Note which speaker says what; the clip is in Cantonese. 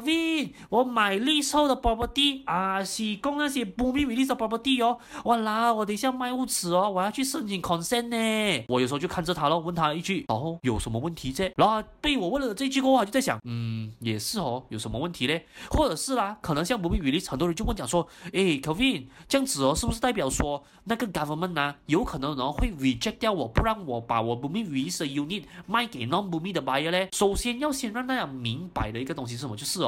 Speaker 1: Kevin, 我買利數的 property 啊，是講那些不明語力的 property 哦。我啦，我等下賣物資哦，我要去申請 consent 呢。我有時候就看着他咯，問他一句，哦，有什麼問題啫？然後被我問了這句話，就在想，嗯，也是哦，有什麼問題咧？或者是啦、啊，可能像不明語力，很多人就問講說，誒、哎、Calvin 這樣子哦，是不是代表說，那個 government 啊，有可能然後會 reject 掉我，不讓我把我不明語力的 unit 賣給 non 不明的 buyer 咧？首先要先讓大家明白的一個東西是什麼，就是、哦